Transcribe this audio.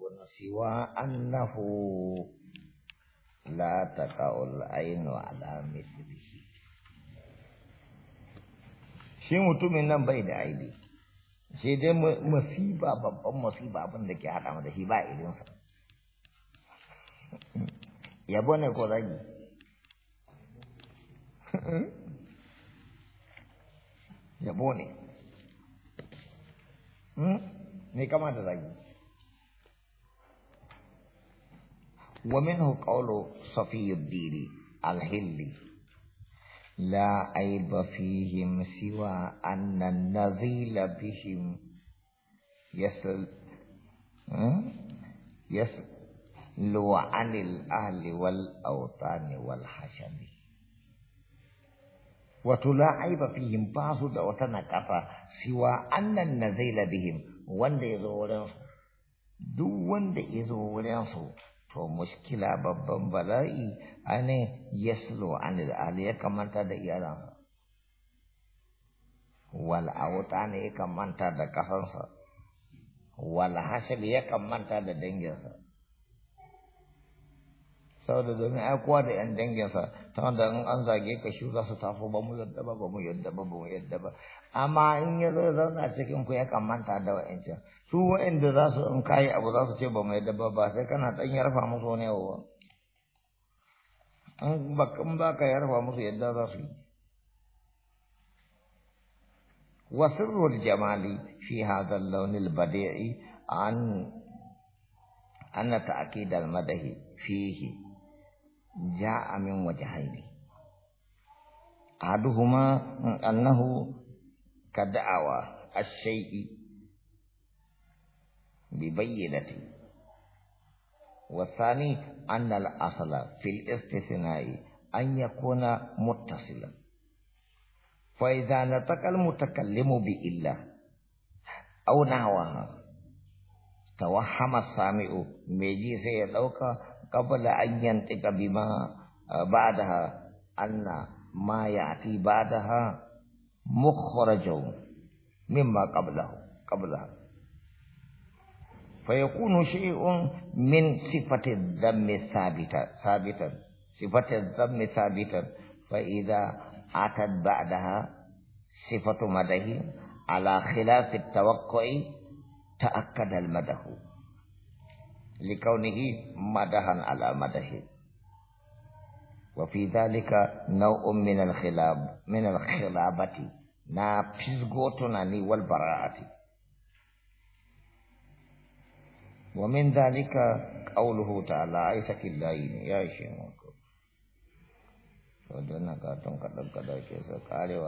siwa ونسوى أنه لا تقع العين على مثله shi mutumin nan bai da aibi sai dai masiba babban masiba abin da ke haɗa da shi ba irinsa yabo ne ko zagi Ya bone? ne kama da zagi ومنه قول صفي الدين الهلي لا عيب فيهم سوى أن النزيل بهم يسل يسلو عن الأهل والأوطان والحشم وتلا عيب فيهم بعض كفا سوى أن النزيل بهم وند يزورنسو دو وند يزورنسو to oh, muskila babban bala'i ane yaslo anil ali ya kamanta da iyalansa wal auta ne ya kamanta da kasansa wal hasib ya kamanta da danginsa saboda domin ai kowa da yan danginsa ta wanda in an zage ka shi za su tafi ba mu yadda ba ba mu yadda ba ba mu yadda ba amma in ya zo zauna cikin ku ya kamanta da wa'ancan su wa'anda za su in kayi abu za su ce ba mu yadda ba ba sai kana dan rafa musu wani abu ba kan ba ka rafa musu yadda za su yi وسر الجمال في هذا badi'i an anna ta'kid al madahi fihi ja'a min wajhaini aduhuma annahu kad'awa asy-syai'i bi bayyinati wa thani anna al-asla fil istithna'i an yakuna muttasilan fa idza natakal mutakallimu bi illa aw nahwa tawahhama samiu meji sai ya dauka قبل أن ينطق بما بعدها أن ما يأتي بعدها مخرج مما قبله قبلها فيكون شيء من صفة الذم ثابتا ثابتا صفة الذم ثابتا فإذا أتت بعدها صفة مده على خلاف التوقع تأكد المدح لكونه مدحا على مدحه وفي ذلك نوع من الخلاب من الخلابة نا بيزغوتناني والبراءة ومن ذلك قوله تعالى عيسى كلاين يا شيخ ودنا كاتون كدب كدب كيسا كاري